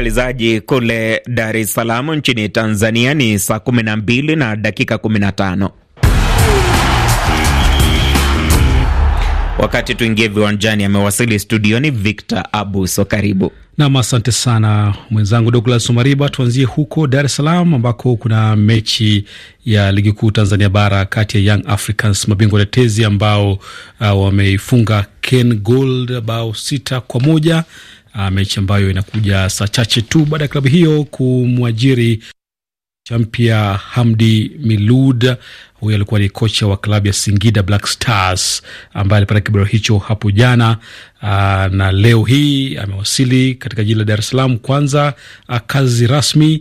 msikilizaji kule Dar es Salaam nchini Tanzania ni saa 12 na dakika 15. Wakati tuingie viwanjani, amewasili studioni Victor Abuso, karibu nam. Asante sana mwenzangu Douglas Omariba. Tuanzie huko Dar es Salaam ambako kuna mechi ya ligi kuu Tanzania bara kati ya Young Africans mabingwa tetezi ambao uh, wameifunga Ken Gold bao sita kwa moja uh, mechi ambayo inakuja saa chache tu baada ya klabu hiyo kumwajiri champia Hamdi Milud. huyo alikuwa ni kocha wa klabu ya Singida Black Stars ambaye alipata kibaro hicho hapo jana. Aa, ah, na leo hii amewasili katika jiji la Dar es Salaam ah, kazi rasmi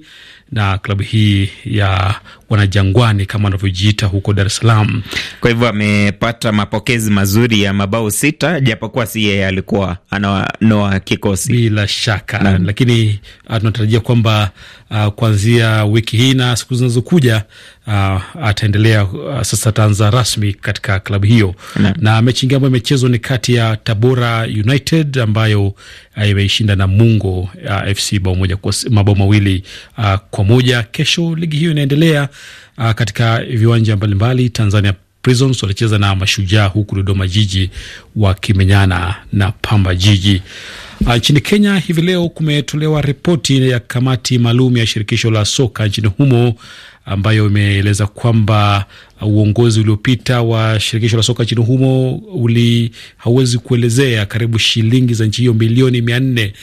na klabu hii ya Wanajangwani kama wanavyojiita huko Dar es Salaam. Kwa hivyo amepata mapokezi mazuri ya mabao sita, japokuwa si yeye alikuwa ananoa kikosi bila shaka na, lakini ah, tunatarajia kwamba uh, kuanzia wiki hii na siku zinazokuja uh, ataendelea uh, sasa ataanza rasmi katika klabu hiyo na, na mechi ingine ambayo imechezwa ni kati ya Tabora United ambayo uh, imeishinda Namungo uh, FC bao moja mabao mawili uh, kwa moja. Kesho ligi hiyo inaendelea uh, katika viwanja mbalimbali Tanzania Prisons walicheza na Mashujaa, huku Dodoma Jiji wakimenyana na Pamba Jiji. Uh, nchini Kenya hivi leo kumetolewa ripoti ya kamati maalum ya shirikisho la soka nchini humo ambayo imeeleza kwamba uongozi uliopita wa shirikisho la soka nchini humo uli hauwezi kuelezea karibu shilingi za nchi hiyo milioni mia nne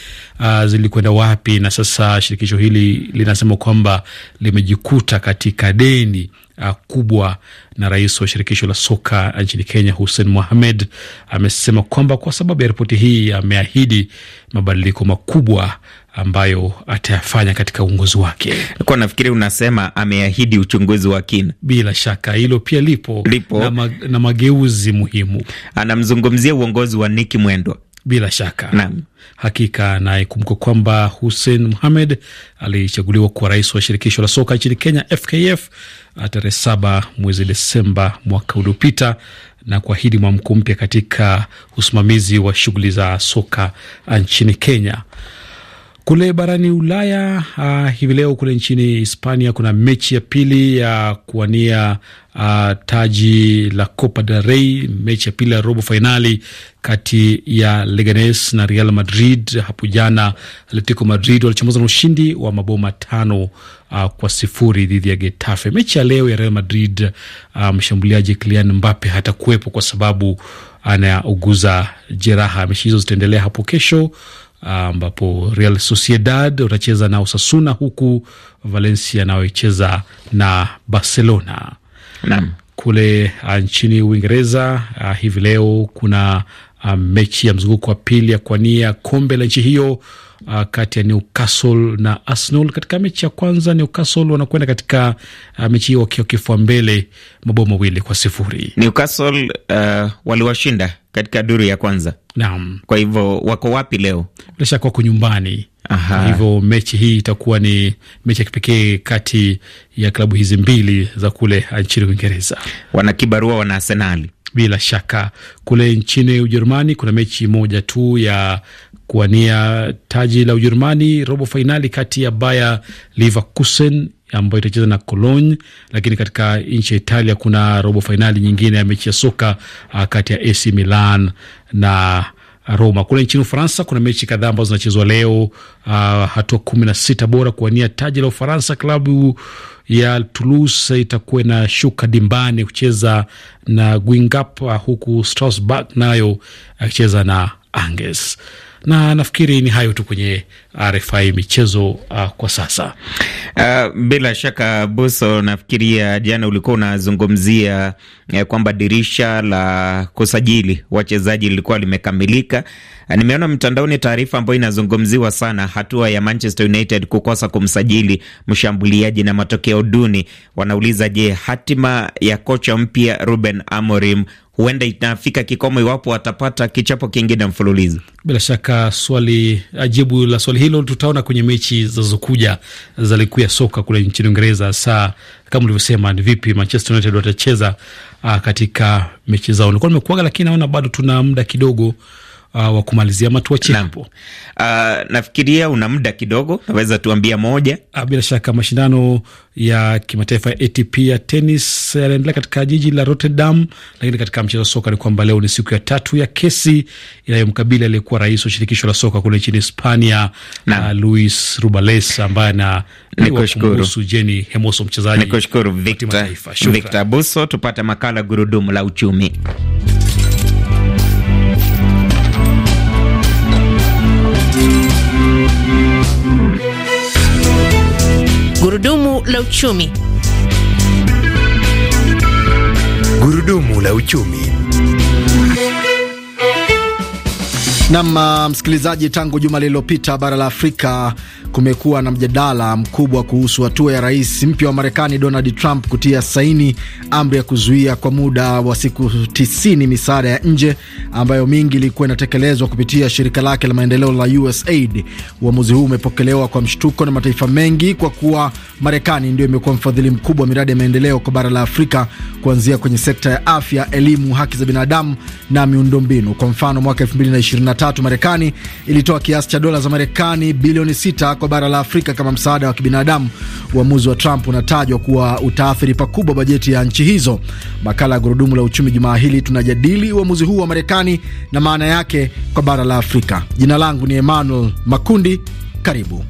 uh, zilikwenda wapi, na sasa shirikisho hili linasema kwamba limejikuta katika deni uh, kubwa. Na rais wa shirikisho la soka uh, nchini Kenya Hussein Mohamed amesema kwamba kwa sababu ya ripoti hii ameahidi mabadiliko makubwa ambayo atayafanya katika uongozi wake. Kwa nafikiri unasema ameahidi uchunguzi wa kina. Bila shaka hilo pia lipo, lipo. Na, ma, na mageuzi muhimu. Anamzungumzia uongozi wa niki Mwendwa bila shaka na. Hakika nayekumbuka kwamba Hussein Mohamed alichaguliwa kuwa rais wa shirikisho la soka nchini Kenya FKF ah, tarehe saba mwezi Desemba mwaka uliopita na kuahidi mwamko mpya katika usimamizi wa shughuli za soka ah, nchini Kenya. Kule barani Ulaya uh, hivi leo kule nchini Hispania kuna mechi ya pili ya kuwania uh, taji la Copa del Rey, mechi ya pili ya robo fainali kati ya Leganes na Real Madrid. Hapo jana Atletico Madrid walichomoza na ushindi wa mabao matano uh, kwa sifuri dhidi ya Getafe. Mechi ya leo ya Real Madrid, mshambuliaji um, Kylian Mbappe hatakuwepo kwa sababu anauguza jeraha. Mechi hizo zitaendelea hapo kesho ambapo Real Sociedad watacheza na Osasuna huku Valencia anayocheza na Barcelona. Naam. Kule ah, nchini Uingereza ah, hivi leo kuna ah, mechi ya mzunguko wa pili ya kuania kombe la nchi hiyo kati ya Newcastle na Arsenal. Katika mechi ya kwanza Newcastle wanakwenda katika uh, mechi hiyo wakiwa kifua mbele mabao mawili kwa sifuri. Newcastle uh, waliwashinda katika duru ya kwanza. Naam. Kwa hivyo wako wapi leo? Bila shaka wako nyumbani. Kwa hivyo mechi hii itakuwa ni mechi ya kipekee kati ya klabu hizi mbili za kule nchini Uingereza. Wana kibarua, wana Arsenali. Bila shaka kule nchini Ujerumani kuna mechi moja tu ya kuwania taji la Ujerumani, robo fainali kati ya Bayer Leverkusen ambayo itacheza na Cologne, lakini katika nchi ya Italia kuna robo fainali nyingine ya mechi ya soka uh, kati ya AC Milan na Roma. Kule nchini Ufaransa kuna mechi kadhaa ambazo zinachezwa leo, uh, hatua kumi na sita bora kuwania taji la Ufaransa. Klabu ya Toulouse itakuwa na shuka dimbani kucheza na Guingamp, uh, huku Strasbourg nayo akicheza na Angers. Na nafikiri ni hayo tu kwenye RFI michezo uh, kwa sasa. Uh, bila shaka Buso, nafikiria jana ulikuwa unazungumzia eh, kwamba dirisha la kusajili wachezaji lilikuwa limekamilika. Uh, nimeona mtandaoni taarifa ambayo inazungumziwa sana, hatua ya Manchester United kukosa kumsajili mshambuliaji na matokeo duni. Wanauliza, je, hatima ya kocha mpya Ruben Amorim huenda inafika kikomo iwapo atapata kichapo kingine mfululizo? Bila shaka swali, ajibu la swali hilo tutaona kwenye mechi zinazokuja za ligi ya soka kule nchini Uingereza, saa kama ulivyosema, ni vipi Manchester United watacheza ah, katika mechi zao. Nilikuwa nimekuaga, lakini naona bado tuna muda kidogo uh, wa kumalizia matuache hapo. na, Uh, nafikiria una muda kidogo, naweza tuambia moja. Uh, bila shaka mashindano ya kimataifa ya ATP ya tenis yanaendelea katika jiji la Rotterdam, lakini katika mchezo wa soka ni kwamba leo ni siku ya tatu ya kesi inayomkabili aliyekuwa rais wa shirikisho la soka kule nchini Hispania na uh, Luis Rubales ambaye na kumhusu Jenny Hermoso, mchezaji. Nikushukuru Victor Buso, tupate makala gurudumu la uchumi. Gurudumu la uchumi. Gurudumu la uchumi. Nam uh, msikilizaji, tangu juma lililopita bara la Afrika kumekuwa na mjadala mkubwa kuhusu hatua ya rais mpya wa Marekani Donald Trump kutia saini amri ya kuzuia kwa muda wa siku 90 misaada ya nje ambayo mingi ilikuwa inatekelezwa kupitia shirika lake la maendeleo la USAID. Uamuzi huu umepokelewa kwa mshtuko na mataifa mengi kwa kuwa Marekani ndio imekuwa mfadhili mkubwa wa miradi ya maendeleo kwa bara la Afrika, kuanzia kwenye sekta ya afya, elimu, haki za binadamu na miundombinu. Kwa mfano, mwaka 2023 Marekani ilitoa kiasi cha dola za Marekani bilioni 6 kwa bara la Afrika kama msaada wa kibinadamu, uamuzi wa Trump unatajwa kuwa utaathiri pakubwa bajeti ya nchi hizo. Makala ya Gurudumu la Uchumi jumaa hili tunajadili uamuzi huu wa Marekani na maana yake kwa bara la Afrika. Jina langu ni Emmanuel Makundi, karibu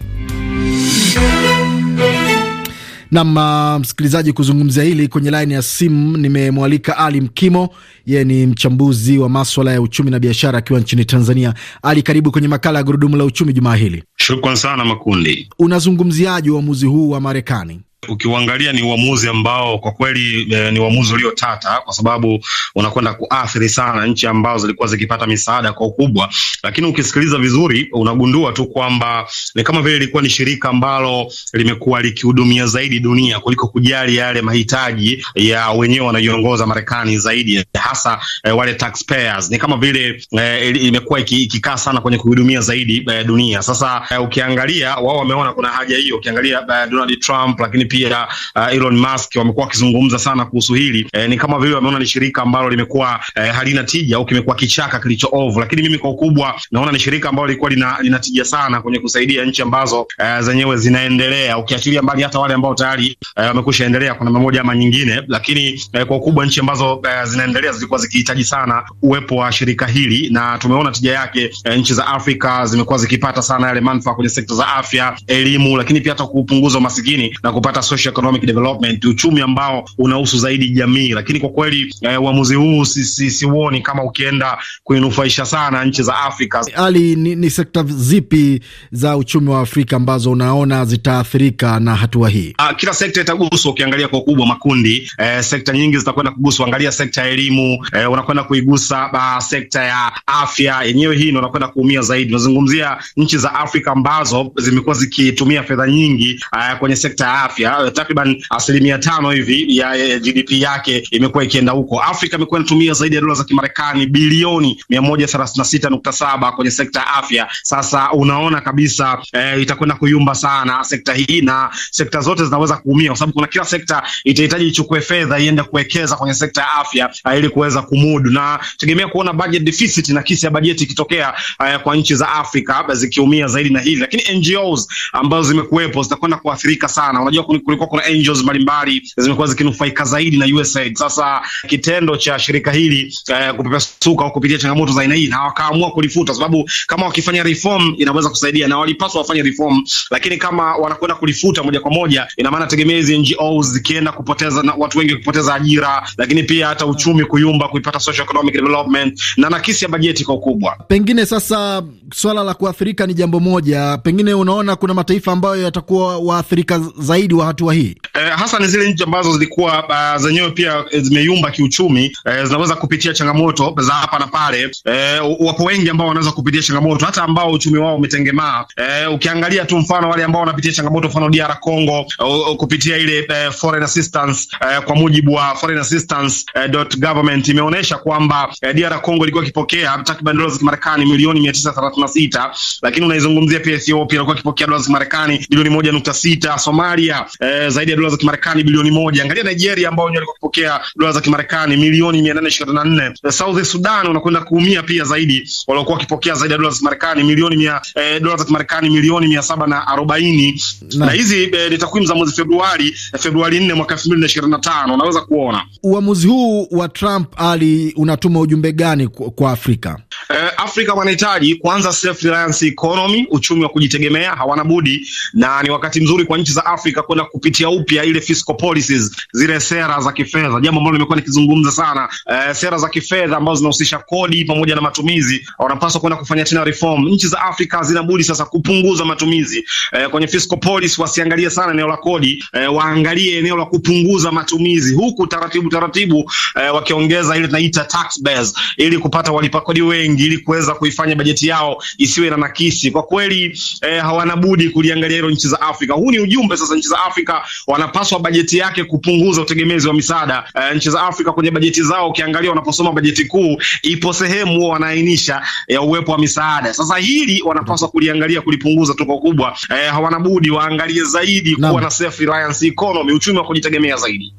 Nam uh, msikilizaji, kuzungumzia hili kwenye laini ya simu nimemwalika Ali Mkimo, yeye ni mchambuzi wa maswala ya uchumi na biashara akiwa nchini Tanzania. Ali, karibu kwenye makala ya gurudumu la uchumi jumaa hili. Shukran sana Makundi. Unazungumziaje uamuzi huu wa Marekani? Ukiuangalia ni uamuzi ambao kwa kweli e, ni uamuzi uliotata kwa sababu unakwenda kuathiri sana nchi ambazo zilikuwa zikipata misaada kwa ukubwa, lakini ukisikiliza vizuri unagundua tu kwamba ni kama vile ilikuwa ni shirika ambalo limekuwa likihudumia zaidi dunia kuliko kujali yale mahitaji ya wenyewe wanaiongoza Marekani zaidi hasa e, wale taxpayers. Ni kama vile e, imekuwa ikikaa sana kwenye kuhudumia zaidi e, dunia. Sasa e, ukiangalia wao wameona kuna haja hiyo, ukiangalia e, Donald Trump lakini lakini pia uh, Elon Musk wamekuwa wakizungumza sana kuhusu hili e, ni kama vile wameona ni shirika ambalo limekuwa eh, halina tija au kimekuwa kichaka kilicho ovu, lakini mimi kwa ukubwa naona ni shirika ambalo lilikuwa lina, lina tija sana kwenye kusaidia nchi ambazo eh, zenyewe zinaendelea, ukiachilia mbali hata wale ambao tayari eh, wamekwisha endelea kwa namna moja ama nyingine, lakini eh, kwa ukubwa nchi ambazo eh, zinaendelea zilikuwa zikihitaji sana uwepo wa shirika hili na tumeona tija yake. Eh, nchi za Afrika zimekuwa zikipata sana yale manufaa kwenye sekta za afya, elimu, lakini pia hata kupunguza umasikini na kupata hata socio economic development, uchumi ambao unahusu zaidi jamii. Lakini kwa kweli eh, uamuzi huu siuoni si, kama ukienda kuinufaisha sana nchi za Afrika. Ali, ni, ni sekta zipi za uchumi wa Afrika ambazo unaona zitaathirika na hatua hii? Ah, kila sekta itaguswa. Ukiangalia kwa ukubwa makundi, eh, sekta nyingi zitakwenda kuguswa. Angalia sekta ya elimu, eh, unakwenda kuigusa ba, sekta ya afya yenyewe, hii ndio unakwenda kuumia zaidi. Unazungumzia nchi za Afrika ambazo zimekuwa zikitumia fedha nyingi eh, kwenye sekta ya afya Asia, eh, takriban asilimia tano hivi ya eh, GDP yake imekuwa ikienda huko. Afrika imekuwa inatumia zaidi ya dola za Kimarekani bilioni mia moja thelathini na sita nukta saba kwenye sekta ya afya. Sasa unaona kabisa eh, itakwenda kuyumba sana sekta hii, na sekta zote zinaweza kuumia, kwa sababu kuna kila sekta itahitaji ichukue fedha iende kuwekeza kwenye sekta ya afya eh, ili kuweza kumudu, na tegemea kuona budget deficit na kisi ya bajeti ikitokea eh, kwa nchi za Afrika zikiumia zaidi na hivi, lakini NGOs ambazo zimekuwepo zitakwenda kuathirika sana. Unajua kulikuwa kuna angels mbalimbali zimekuwa zikinufaika zaidi na USAID. Sasa kitendo cha shirika hili eh, kupepesuka au kupitia changamoto za aina hii, na wakaamua kulifuta, sababu kama wakifanya reform inaweza kusaidia, na walipaswa wafanye reform, lakini kama wanakwenda kulifuta moja kwa moja, ina maana tegemezi NGOs zikienda kupoteza na watu wengi kupoteza ajira, lakini pia hata uchumi kuyumba, kuipata socio economic development na nakisi ya bajeti kwa ukubwa. Pengine sasa swala la kuathirika ni jambo moja, pengine unaona kuna mataifa ambayo yatakuwa waathirika zaidi wa hatua hii eh, hasa ni zile nchi ambazo zilikuwa uh, zenyewe pia eh, zimeyumba kiuchumi eh, zinaweza kupitia changamoto za hapa na pale eh, wapo wengi ambao wanaweza kupitia changamoto hata ambao uchumi wao umetengemaa. Eh, ukiangalia tu mfano wale ambao wanapitia changamoto, mfano DR Congo uh, kupitia ile uh, foreign assistance uh, kwa mujibu wa foreign assistance uh, dot government imeonyesha kwamba uh, DR Congo ilikuwa ikipokea takriban dola za Kimarekani milioni mia tisa thelathini na sita lakini unaizungumzia pia Ethiopia ilikuwa ikipokea dola za Kimarekani bilioni moja nukta sita Somalia eh, zaidi ya dola za Kimarekani bilioni moja Angalia Nigeria ambao wenyewe walikuwa wakipokea dola za Kimarekani milioni mia nane ishirini na nne eh, South Sudan unakwenda kuumia pia zaidi, waliokuwa wakipokea zaidi ya dola za Kimarekani milioni mia eh, dola za Kimarekani milioni mia saba na arobaini na hizi eh, ni takwimu za mwezi Februari eh, Februari nne mwaka elfu mbili na ishirini na tano Unaweza kuona uamuzi huu wa Trump ali unatuma ujumbe gani kwa Afrika? eh, Afrika wanahitaji kwanza self reliance economy, uchumi wa kujitegemea, hawana budi, na ni wakati mzuri kwa nchi za Afrika kwenda kupitia upya ile fiscal policies, zile sera za kifedha, jambo ambalo nimekuwa nikizungumza sana. Eh, sera za kifedha ambazo zinahusisha kodi pamoja na matumizi, wanapaswa kwenda kufanya tena reform. Nchi za Afrika hazina budi sasa kupunguza matumizi eh, kwenye fiscal policy, wasiangalie sana eneo la kodi eh, waangalie eneo la kupunguza matumizi, huku taratibu taratibu eh, wakiongeza ile tunaita tax base ili kupata walipa kodi wengi msingi ili kuweza kuifanya bajeti yao isiwe na nakisi. Kwa kweli eh, hawana budi kuliangalia hilo nchi za Afrika. Huu ni ujumbe sasa, nchi za Afrika wanapaswa bajeti yake kupunguza utegemezi wa misaada. Eh, nchi za Afrika kwenye bajeti zao ukiangalia, wanaposoma bajeti kuu ipo sehemu wanaainisha ya eh, uwepo wa misaada. Sasa hili wanapaswa kuliangalia kulipunguza tuko kubwa. Eh, hawana budi waangalie zaidi kuwa na self reliance economy, uchumi wa kujitegemea zaidi.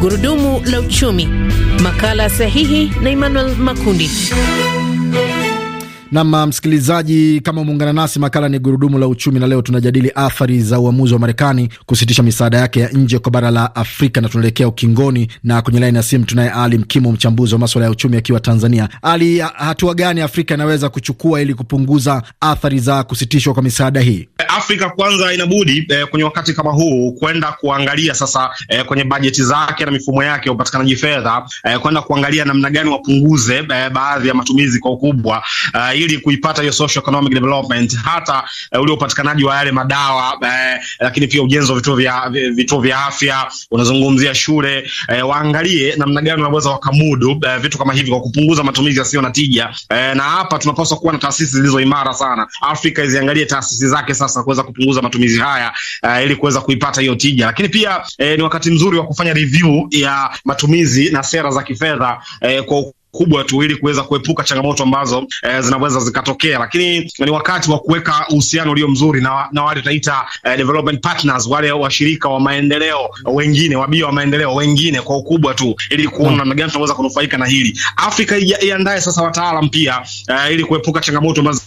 Gurudumu la uchumi. Makala sahihi na Emmanuel Makundi. Nam msikilizaji, kama umeungana nasi, makala ni gurudumu la uchumi, na leo tunajadili athari za uamuzi wa Marekani kusitisha misaada yake ya nje kwa bara la Afrika, na tunaelekea ukingoni, na kwenye laini ya simu tunaye Ali Mkimo, mchambuzi wa maswala ya uchumi akiwa Tanzania. Ali, hatua gani Afrika inaweza kuchukua ili kupunguza athari za kusitishwa kwa misaada hii? Afrika kwanza inabudi eh, kwenye wakati kama huu kwenda kuangalia sasa eh, kwenye bajeti zake na mifumo yake ya upatikanaji fedha eh, kwenda kuangalia namna gani wapunguze eh, baadhi ya matumizi kwa ukubwa eh, ili kuipata hiyo social economic development, hata uh, ule upatikanaji wa yale madawa uh, lakini pia ujenzi wa vituo vya vituo vya afya, unazungumzia shule uh, waangalie namna gani wanaweza wakamudu uh, vitu kama hivi kwa kupunguza matumizi yasiyo na tija uh, na hapa tunapaswa kuwa na taasisi zilizo imara sana. Afrika iziangalie taasisi zake sasa kuweza kupunguza matumizi haya uh, ili kuweza kuipata hiyo tija, lakini pia uh, ni wakati mzuri wa kufanya review ya matumizi na sera za kifedha uh, kwa kubwa tu, ili kuweza kuepuka changamoto ambazo e, zinaweza zikatokea, lakini ni wakati wa kuweka uhusiano ulio mzuri na, na wale tunaita e, development partners, wale washirika wa maendeleo wengine, wabia wa maendeleo wengine kwa ukubwa tu, ili kuona mm. namna gani tunaweza kunufaika na hili. Afrika iandae sasa wataalam pia e, ili kuepuka changamoto ambazo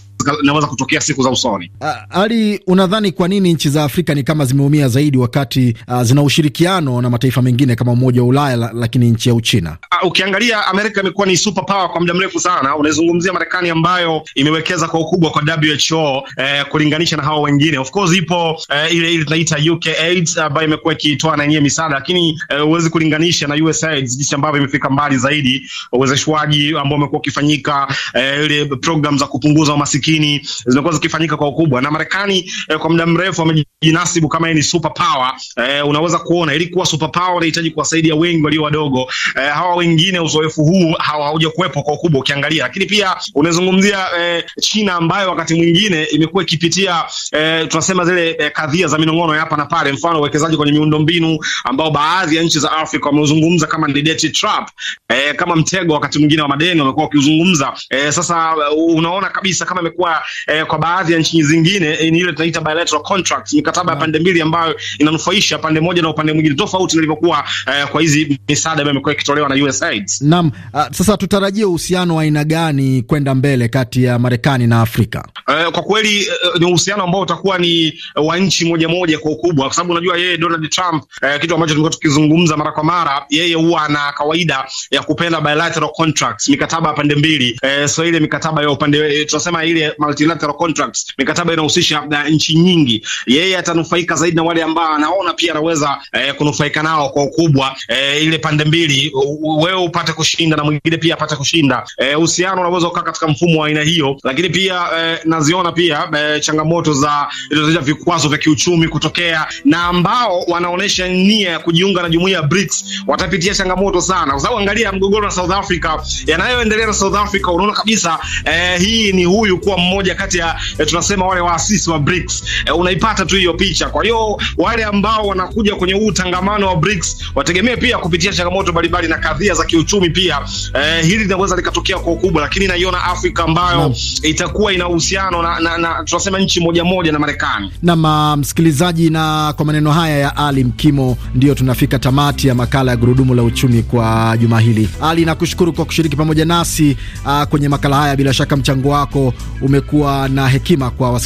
inaweza kutokea siku za usoni. Ah, Ali, unadhani kwa nini nchi za Afrika ni kama zimeumia zaidi wakati uh, zina ushirikiano na mataifa mengine kama Umoja wa Ulaya, lakini nchi ya Uchina? Uh, ukiangalia Amerika imekuwa ni super power kwa muda mrefu sana. Unaizungumzia Marekani ambayo imewekeza kwa ukubwa kwa WHO eh, kulinganisha na hawa wengine. Of course ipo eh, ile ile tunaita UK AIDS ambayo imekuwa ikitoa na yenyewe misaada, lakini eh, huwezi eh, kulinganisha na USAID jinsi ambavyo imefika mbali zaidi, uwezeshwaji ambao umekuwa ukifanyika, eh, ile program za kupunguza umasikini maskini zimekuwa zikifanyika kwa ukubwa, na Marekani eh, kwa muda mrefu wamejinasibu kama ni super power eh, unaweza kuona ili kuwa super power inahitaji kuwasaidia wengi walio wadogo eh, hawa wengine uzoefu huu hauja kuwepo kwa ukubwa ukiangalia, lakini pia unazungumzia eh, China ambayo wakati mwingine imekuwa ikipitia eh, tunasema zile eh, kadhia za minong'ono hapa na pale, mfano uwekezaji kwenye miundombinu ambao baadhi ya nchi za Afrika wamezungumza kama ni debt trap eh, kama mtego wakati mwingine wa madeni wamekuwa wakizungumza eh, sasa eh, unaona kabisa kama isipokuwa eh, kwa baadhi ya nchi zingine eh, ile tunaita bilateral contracts, mikataba ya pande mbili ambayo inanufaisha pande moja na upande mwingine, tofauti na ilivyokuwa eh, kwa hizi misaada ambayo imekuwa ikitolewa na USAID. Naam, ah, sasa tutarajie uhusiano wa aina gani kwenda mbele kati ya Marekani na Afrika? Uh, kwa kweli uh, ni uhusiano ambao utakuwa ni eh, wa nchi moja moja kwa ukubwa, kwa sababu unajua yeye Donald Trump uh, kitu ambacho tumekuwa tukizungumza mara kwa mara, yeye huwa ana kawaida ya kupenda bilateral contracts, mikataba ya pande mbili uh, so ile mikataba ya upande tunasema ile multilateral contracts, mikataba inahusisha eh, nchi nyingi, yeye atanufaika zaidi na wale ambao anaona pia anaweza eh, kunufaika nao kwa ukubwa eh, ile pande mbili, wewe upate kushinda na mwingine pia apate kushinda. Eh, uhusiano unaweza ukaa katika mfumo wa aina hiyo, lakini pia eh, naziona pia eh, changamoto za ilizoja vikwazo vya kiuchumi kutokea, na ambao wanaonesha nia ya kujiunga na jumuiya ya BRICS watapitia changamoto sana, kwa sababu angalia mgogoro na South Africa, yanayoendelea na South Africa, unaona kabisa eh, hii ni huyu kuwa mmoja kati ya e, tunasema wale waasisi wa BRICS. e, unaipata tu hiyo picha. Kwa hiyo wale ambao wanakuja kwenye huu tangamano wa BRICS wategemee pia kupitia changamoto mbalimbali na kadhia za kiuchumi pia. e, hili linaweza likatokea kwa ukubwa, lakini naiona Afrika ambayo na, itakuwa ina uhusiano na, na, na tunasema nchi moja moja na Marekani. Na ah, msikilizaji, na kwa maneno haya ya Ali Mkimo, ndio tunafika tamati ya makala ya gurudumu la uchumi kwa juma hili. Ali, nakushukuru kwa kushiriki pamoja nasi uh, kwenye makala haya. Bila shaka mchango wako umekuwa na hekima kwa